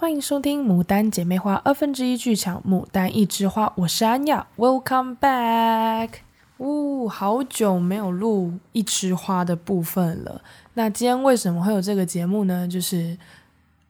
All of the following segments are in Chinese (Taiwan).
歡迎收聽《母單姊妹花》二分之一劇場《母單一枝花》，我是安雅。Welcome back！嗚、哦，好久沒有錄一枝花的部分了。那今天為什麼會有這個節目呢？就是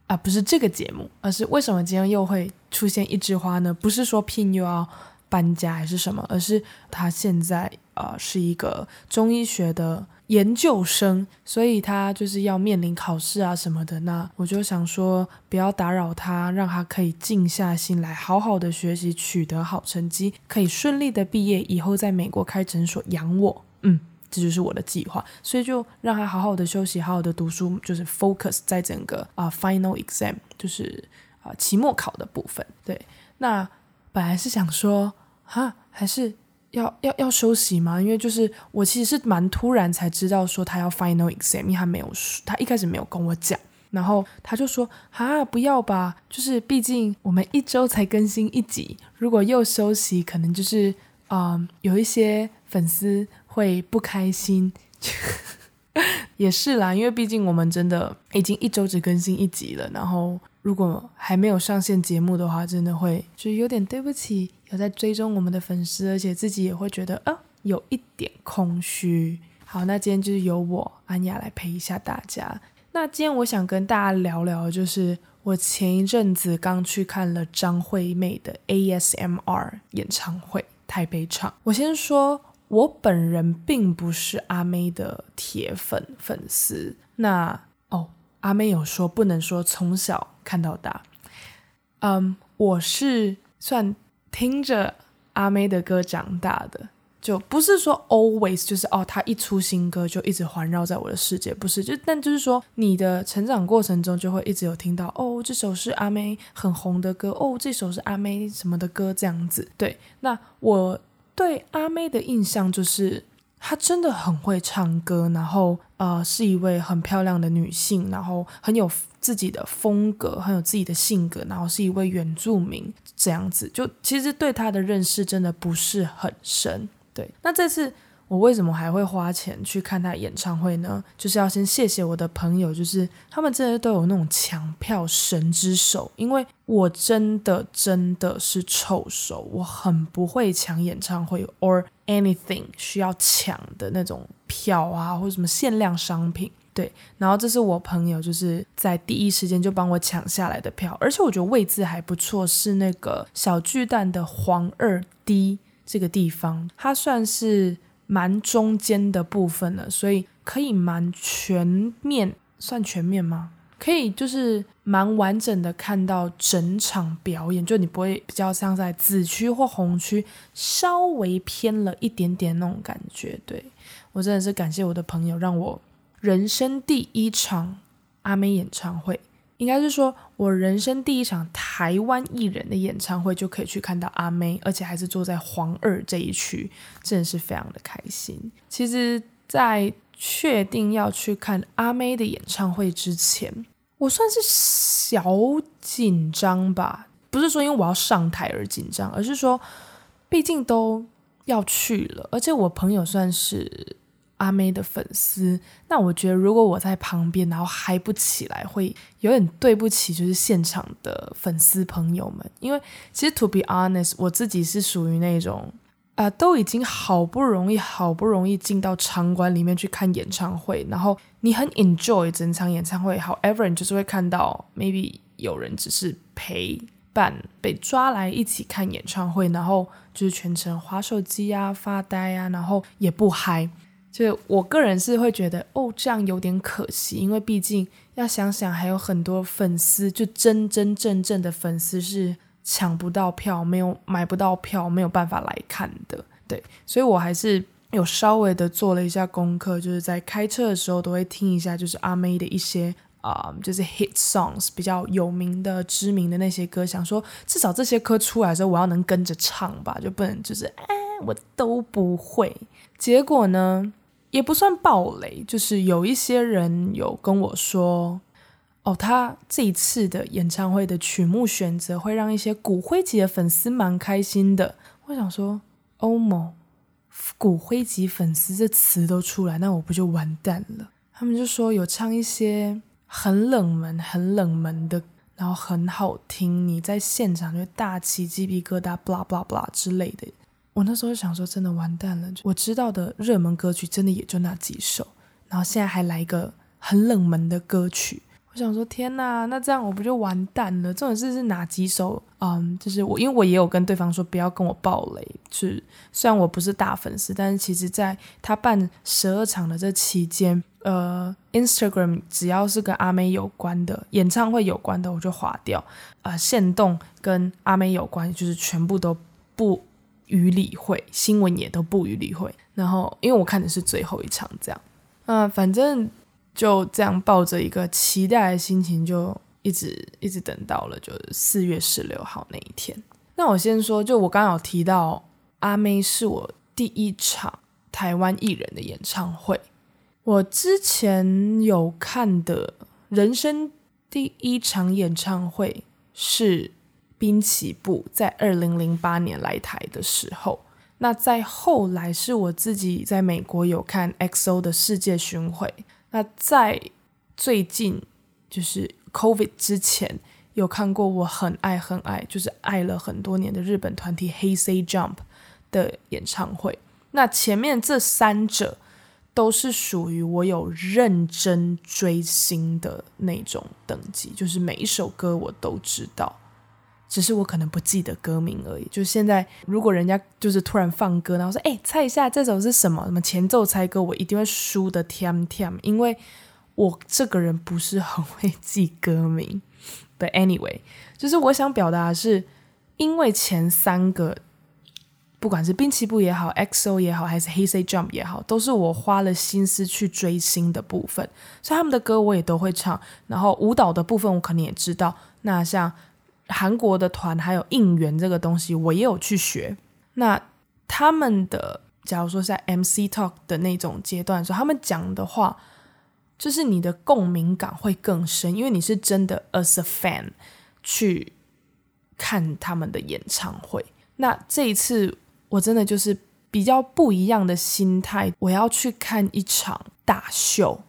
啊，不是這個節目，而是為什麼今天又會出現一枝花呢？不是說拼又要搬家還是什麼，而是他現在啊、呃、是一個中醫學的。研究生，所以他就是要面臨考試啊什麼的那。那我就想說，不要打擾他，讓他可以靜下心來，好好的學習，取得好成績，可以順利的畢業，以後在美國開診所養我。嗯，這就是我的計劃。所以就讓他好好的休息，好好的讀書，就是 focus 在整個啊、uh, final exam，就是啊、uh, 期末考的部分。對，那本來是想說哈，還是。要要要休息嗎？因為就是我其實是蠻突然才知道說他要 final exam，因為他沒有，他一開始沒有跟我講，然後他就說啊不要吧，就是畢竟我們一周才更新一集，如果又休息，可能就是嗯、呃、有一些粉絲會不開心， 也是啦，因為畢竟我們真的已經一周只更新一集了，然後，如果還沒有上線節目的話，真的會就是有點對不起有在追蹤我們的粉絲，而且自己也會覺得啊、嗯、有一點空虛。好，那今天就是由我安雅來陪一下大家。那今天我想跟大家聊聊，就是我前一陣子剛去看了張惠妹的 ASMeiR 演唱會台北場，我先說我本人並不是阿妹的鐵粉粉絲。那哦，阿妹有說不能說從小。看到大，嗯、um，我是算聽着阿妹的歌長大的，就不是說 always 就是哦，她一出新歌就一直環繞在我的世界，不是，就但就是說你的成長過程中就會一直有聽到哦，這首是阿妹很紅的歌，哦，這首是阿妹什麼的歌這樣子。對，那我對阿妹的印象就是她真的很會唱歌，然後。呃，是一位很漂亮的女性，然後很有自己的風格，很有自己的性格，然後是一位原住民這樣子，就其實對她的認識真的不是很深。對，那這次我為什麼還會花錢去看她演唱會呢？就是要先謝謝我的朋友，就是他們真的都有那種搶票神之手，因為我真的真的是臭手，我很不會搶演唱會，or。anything 需要搶的那種票啊，或者什麼限量商品，對。然後這是我朋友就是在第一時間就幫我搶下來的票，而且我覺得位置還不錯，是那個小巨蛋的黃二 D 這個地方，它算是蠻中間的部分了，所以可以蠻全面，算全面嗎？可以就是蠻完整的看到整場表演，就你不會比較像在紫區或紅區稍微偏了一點點那種感覺。對。我真的是感謝我的朋友，讓我人生第一場阿妹演唱會，應該是說我人生第一場台灣藝人的演唱會就可以去看到阿妹，而且還是坐在黃二這一區，真的是非常的開心。其實在確定要去看阿妹的演唱會之前，我算是小緊張吧。不是說因為我要上台而緊張，而是說，畢竟都要去了，而且我朋友算是阿妹的粉絲，那我覺得如果我在旁邊然後嗨不起來，會有點對不起就是現場的粉絲朋友們。因為其實 to be honest，我自己是屬於那種。啊、uh，都已經好不容易好不容易進到場館裡面去看演唱會，然後你很 enjoy 整場演唱會。However，你就是會看到 maybe 有人只是陪伴被抓來一起看演唱會，然後就是全程滑手機啊、發呆啊，然後也不嗨。就我個人是會覺得，哦，這樣有點可惜，因為畢竟要想想，還有很多粉絲，就真真正正的粉絲是。搶不到票，沒有買不到票，沒有辦法來看的，對，所以我還是有稍微的做了一下功課，就是在開車的時候都會聽一下，就是阿妹的一些啊、嗯，就是 hit songs，比較有名的、知名的那些歌，想說至少這些歌出來的時候，我要能跟着唱吧，就不能就是哎，我都不會。結果呢，也不算暴雷，就是有一些人有跟我說。哦，他這一次的演唱會的曲目選擇會讓一些骨灰級的粉絲蠻開心的。我想說，歐某骨灰級粉絲這詞都出來，那我不就完蛋了？他們就說有唱一些很冷門、很冷門的，然後很好聽，你在現場就大起雞皮疙瘩、blah blah blah 之類的。我那時候就想說，真的完蛋了。我知道的熱門歌曲真的也就那幾首，然後現在還來一個很冷門的歌曲。我想說天吶，那這樣我不就完蛋了？這種事是哪幾首？嗯，就是我，因為我也有跟對方說不要跟我暴雷。是雖然我不是大粉絲，但是其實在他辦十二場的這期間，呃，Instagram 只要是跟阿妹有關的、演唱會有關的，我就劃掉。啊、呃，限動跟阿妹有關，就是全部都不予理會，新聞也都不予理會。然後因為我看的是最後一場，這樣，嗯、呃，反正。就這樣抱着一個期待的心情，就一直一直等到了就是四月十六號那一天。那我先說，就我剛剛有提到，阿妹是我第一場台灣藝人的演唱會。我之前有看的人生第一場演唱會是濱崎步在二零零八年來台的時候。那再後來是我自己在美國有看 EXO 的世界巡回。那在最近就是 COVID 之前，有看過我很愛很愛，就是愛了很多年的日本團體 Hey Say Jump 的演唱會。那前面這三者都是屬於我有認真追星的那種等級，就是每一首歌我都知道。只是我可能不記得歌名而已。就現在，如果人家就是突然放歌，然後說：“哎、欸，猜一下這首是什麼？”什麼前奏猜歌，我一定會輸的。t m t m 因為我這個人不是很會記歌名。But anyway，就是我想表達的是，因為前三個，不管是濱崎步也好，XO 也好，還是 Hey Say JUMP 也好，都是我花了心思去追星的部分，所以他們的歌我也都會唱。然後舞蹈的部分我可能也知道。那像。韓國的團還有應援這個東西，我也有去學。那他們的，假如說在 MC talk 的那種階段的時候，他們講的話，就是你的共鳴感會更深，因為你是真的 as a fan 去看他們的演唱會。那這一次，我真的就是比較不一樣的心態，我要去看一場大秀，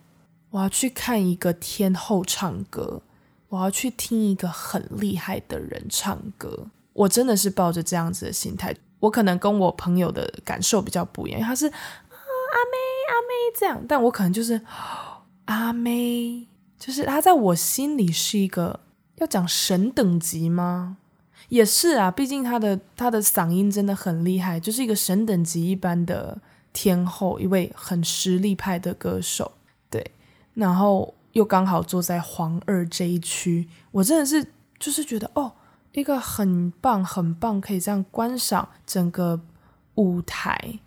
我要去看一個天后唱歌。我要去聽一個很厲害的人唱歌，我真的是抱着這樣子的心態。我可能跟我朋友的感受比較不一樣，因為他是啊，阿妹阿妹這樣，但我可能就是啊，阿妹，就是他在我心裡是一個要講神等級嗎？也是啊，畢竟他的他的嗓音真的很厲害，就是一個神等級一般的天後，一位很實力派的歌手。對，然後。又剛好坐在黃二這一區，我真的是就是覺得哦，一個很棒很棒，可以這樣觀賞整個舞台、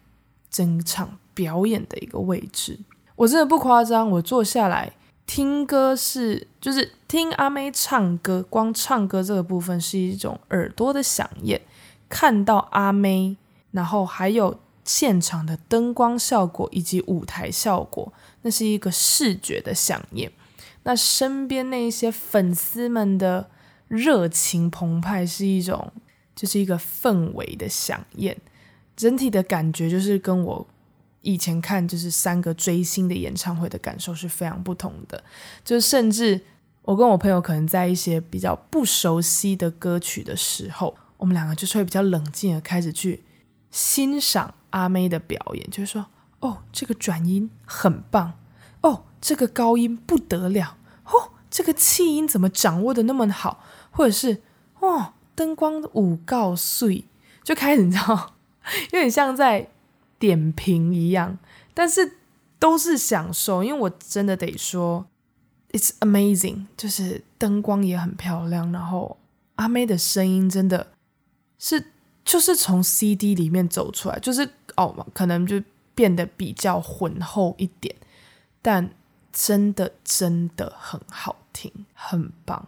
整場表演的一個位置。我真的不誇張，我坐下來聽歌是就是聽阿妹唱歌，光唱歌這個部分是一種耳朵的饗宴。看到阿妹，然後還有。現場的燈光效果以及舞台效果，那是一個視覺的饗宴。那身邊那一些粉絲們的熱情澎湃是一種，就是一個氛圍的饗宴。整體的感覺就是跟我以前看就是三個追星的演唱會的感受是非常不同的。就是甚至我跟我朋友可能在一些比較不熟悉的歌曲的時候，我們兩個就是會比較冷靜的開始去欣賞。阿妹的表演，就是說，哦，這個轉音很棒，哦，這個高音不得了，哦，這個氣音怎麼掌握得那麼好，或者是，哦，燈光有夠水，就開始你知道，有點像在點評一樣，但是都是享受，因為我真的得說，it's amazing，就是燈光也很漂亮，然後阿妹的聲音真的是。就是從 CD 裡面走出來，就是哦，可能就變得比較渾厚一點，但真的真的很好聽，很棒。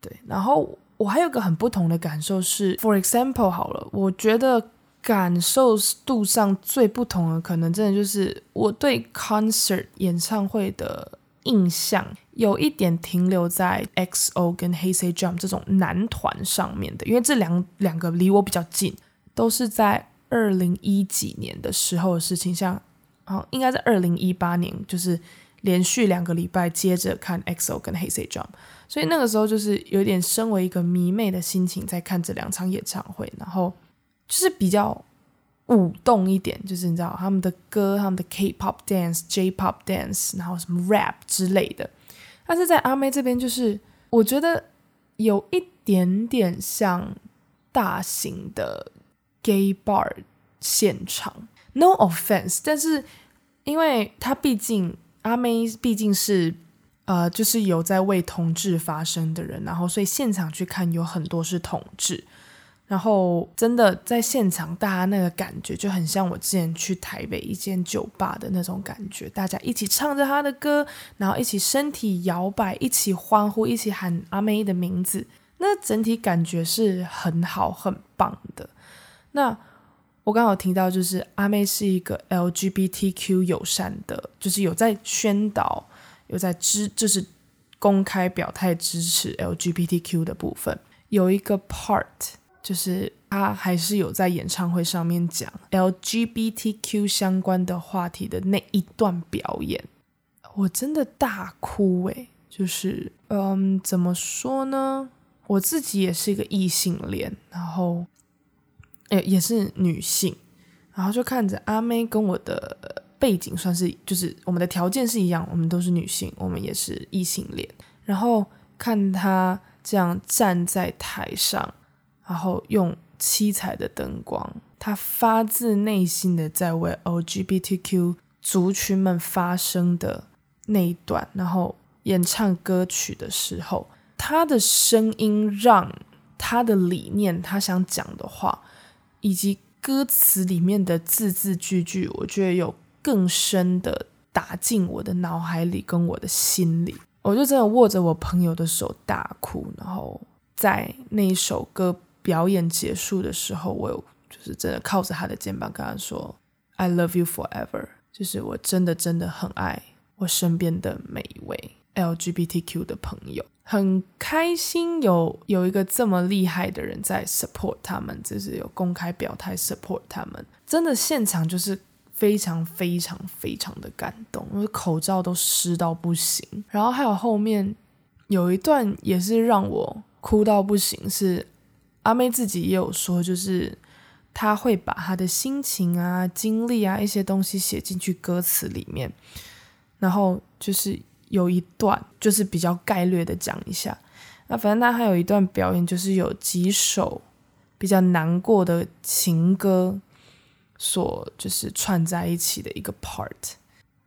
對，然後我還有個很不同的感受是，for example，好了，我覺得感受度上最不同的，可能真的就是我對 concert 演唱會的。印象有一點停留在 XO 跟 Hey Say Jump 這種男團上面的，因為這兩兩個離我比較近，都是在二零一幾年的時候的事情。像，哦，應該在二零一八年，就是連續兩個禮拜接着看 XO 跟 Hey Say Jump，所以那個時候就是有點身為一個迷妹的心情在看這兩場演唱會，然後就是比較。舞動一點，就是你知道他們的歌，他們的 K-pop dance、J-pop dance，然後什麼 rap 之類的。但是在阿妹這邊，就是我覺得有一點點像大型的 gay bar 現場，no offense。但是，因為他畢竟阿妹畢竟是呃，就是有在為同志發聲的人，然後所以現場去看有很多是同志。然後真的在現場，大家那個感覺就很像我之前去台北一間酒吧的那種感覺，大家一起唱着他的歌，然後一起身體搖擺，一起歡呼，一起喊阿妹的名字，那整體感覺是很好、很棒的。那我剛好聽到，就是阿妹是一個 LGBTQ 友善的，就是有在宣導，有在支，就是公開表態支持 LGBTQ 的部分，有一個 part。就是他還是有在演唱會上面講 LGBTQ 相關的話題的那一段表演，我真的大哭誒、欸，就是，嗯，怎麼說呢？我自己也是一個異性戀，然後，也、欸、也是女性，然後就看着阿妹跟我的背景算是就是我們的條件是一樣，我們都是女性，我們也是異性戀，然後看她這樣站在台上。然後用七彩的燈光，他發自內心的在為 LGBTQ 族群們發聲的那一段，然後演唱歌曲的時候，他的聲音、讓他的理念、他想講的話，以及歌詞裡面的字字句句，我覺得有更深的打進我的腦海裡跟我的心裡。我就真的握着我朋友的手大哭，然後在那一首歌。表演結束的時候，我有就是真的靠着他的肩膀，跟他說 “I love you forever”，就是我真的真的很愛我身邊的每一位 LGBTQ 的朋友。很開心有有一個這麼厲害的人在 support 他們，就是有公開表態 support 他們，真的現場就是非常非常非常的感動，我口罩都濕到不行。然後還有後面有一段也是讓我哭到不行，是。阿妹自己也有說，就是她會把她的心情啊、經歷啊一些東西寫進去歌詞裡面。然後就是有一段，就是比較概略的講一下。那反正她還有一段表演，就是有幾首比較難過的情歌，所就是串在一起的一個 part。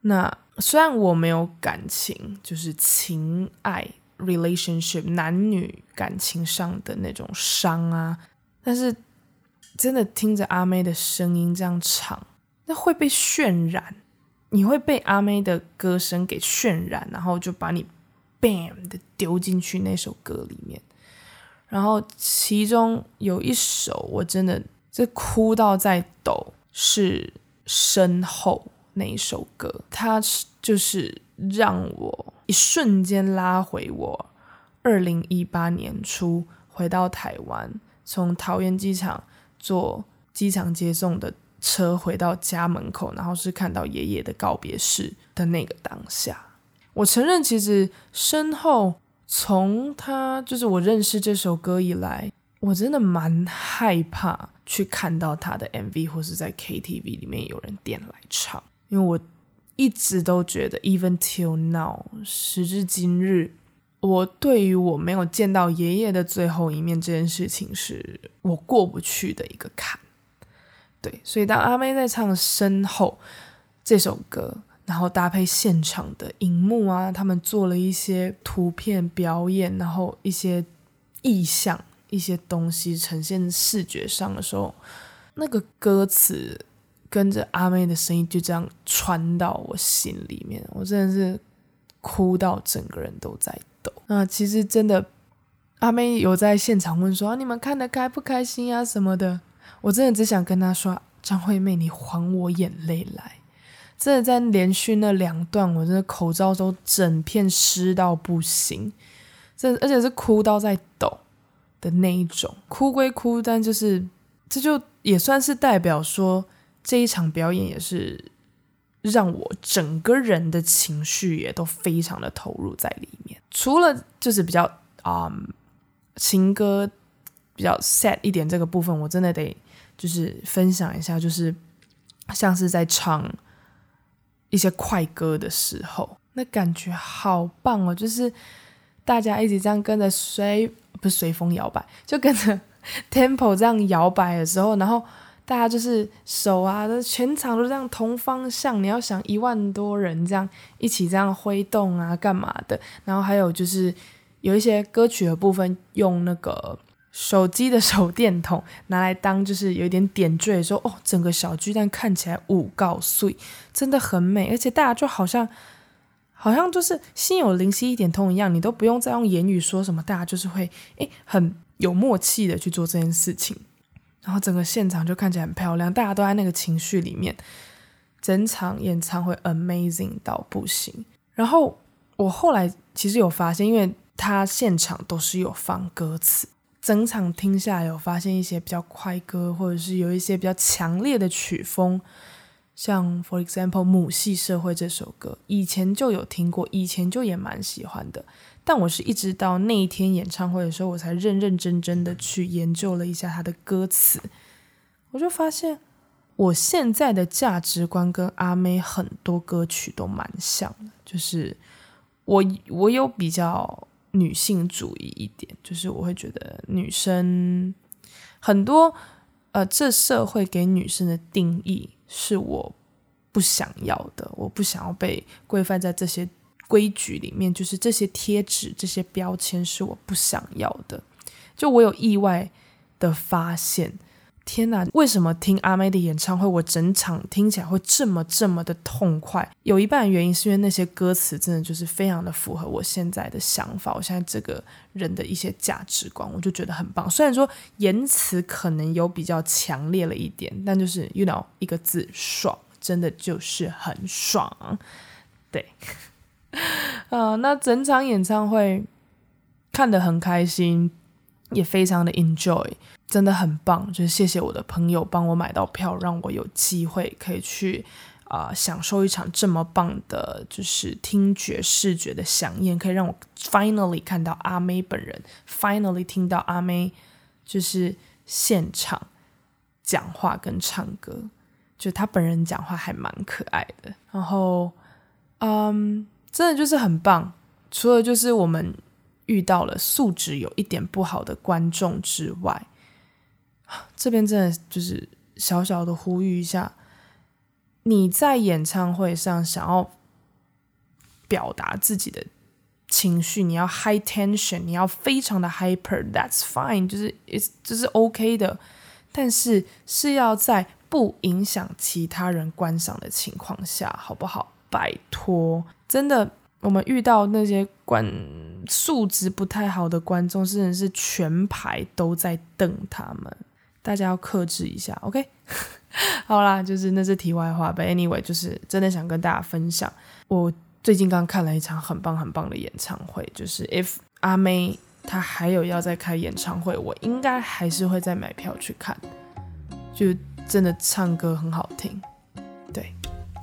那雖然我沒有感情，就是情愛。relationship 男女感情上的那種傷啊，但是真的聽着阿妹的聲音這樣唱，那會被渲染，你會被阿妹的歌聲給渲染，然後就把你 bam 的丟進去那首歌裡面。然後其中有一首我真的，就哭到在抖，是身後那一首歌，它是就是。讓我一瞬間拉回我二零一八年初回到台灣，從桃園機場坐機場接送的車回到家門口，然後是看到爺爺的告別式的那個當下。我承認，其實身後從他就是我認識這首歌以來，我真的蠻害怕去看到他的 MV 或是在 KTV 裡面有人點來唱，因為我。一直都覺得，even till now，時至今日，我對於我沒有見到爺爺的最後一面這件事情，是我過不去的一個坎。對，所以當阿妹在唱《身後》這首歌，然後搭配現場的熒幕啊，他們做了一些圖片表演，然後一些意象、一些東西呈現視覺上的時候，那個歌詞。跟着阿妹的聲音就這樣傳到我心裡面，我真的是哭到整個人都在抖。那、啊、其實真的，阿妹有在現場問說：“啊、你們看得開不開心呀、啊、什麼的？”我真的只想跟她說：“張惠妹，你還我眼淚來！”真的在連續那兩段，我真的口罩都整片濕到不行，真的，而且是哭到在抖的那一種。哭歸哭，但就是這就也算是代表說。這一場表演也是讓我整個人的情緒也都非常的投入在裡面。除了就是比較啊、um, 情歌比較 sad 一點這個部分，我真的得就是分享一下，就是像是在唱一些快歌的時候，那感覺好棒哦！就是大家一起這樣跟着隨不是隨風搖擺，就跟着 tempo 這樣搖擺的時候，然後。大家就是手啊，全場都這樣同方向。你要想一萬多人這樣一起這樣揮動啊，幹嘛的？然後還有就是有一些歌曲的部分，用那個手機的手電筒拿來當，就是有點點綴的時候，哦，整個小巨蛋看起來五告水，真的很美。而且大家就好像好像就是心有靈犀一點通一樣，你都不用再用言語說什麼，大家就是會哎很有默契的去做這件事情。然後整個現場就看起來很漂亮，大家都在那個情緒裡面，整場演唱會 amazing 到不行。然後我後來其實有發現，因為他現場都是有放歌詞，整場聽下來有發現一些比較快歌，或者是有一些比較強烈的曲風，像 for example《母系社會》這首歌，以前就有聽過，以前就也蠻喜歡的。但我是一直到那一天演唱會的時候，我才認認真真的去研究了一下他的歌詞，我就發現我現在的價值觀跟阿妹很多歌曲都蠻像的，就是我我有比較女性主義一點，就是我會覺得女生很多呃，這社會給女生的定義是我不想要的，我不想要被規範在這些。規矩裡面就是這些貼紙、這些標籤是我不想要的。就我有意外的發現，天哪！為什麼聽阿妹的演唱會，我整場聽起來會這麼這麼的痛快？有一半原因是因為那些歌詞真的就是非常的符合我現在的想法，我現在這個人的一些價值觀，我就覺得很棒。雖然說言辭可能有比較強烈了一點，但就是，you know，一個字，爽，真的就是很爽。對。啊、 uh,，那整場演唱會看得很開心，也非常的 enjoy，真的很棒。就是謝謝我的朋友幫我買到票，讓我有機會可以去啊、uh, 享受一場這麼棒的，就是聽覺視覺的饗宴，可以讓我 finally 看到阿妹本人，finally 聽到阿妹就是現場講話跟唱歌。就她本人講話還蠻可愛的，然後嗯。Um, 真的就是很棒，除了就是我們遇到了素質有一點不好的觀眾之外，這邊真的就是小小的呼籲一下，你在演唱會上想要表達自己的情緒，你要 high tension，你要非常的 hyper，that's fine，就是 it's 這是 OK 的，但是是要在不影響其他人觀賞的情況下，好不好？拜託。真的，我們遇到那些觀素質不太好的觀眾，甚至是全排都在瞪他們，大家要克制一下，OK？ 好啦，就是那是題外話，But anyway，就是真的想跟大家分享，我最近剛看了一場很棒很棒的演唱會，就是 If 阿妹她還有要再開演唱會，我應該還是會再買票去看，就真的唱歌很好聽，對，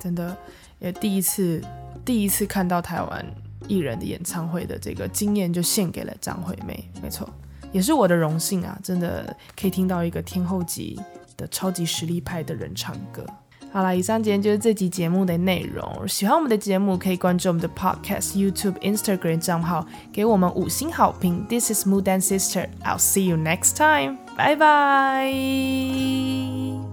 真的也第一次。第一次看到台灣藝人的演唱會的這個經驗，就獻給了張惠妹。沒錯，也是我的榮幸啊！真的可以聽到一個天後級的超級實力派的人唱歌。好啦，以上今天就是這集節目的內容。喜歡我們的節目，可以關注我們的 Podcast、YouTube、Instagram 賬號，給我們五星好評。This is Mudan Sister，I'll see you next time。拜拜。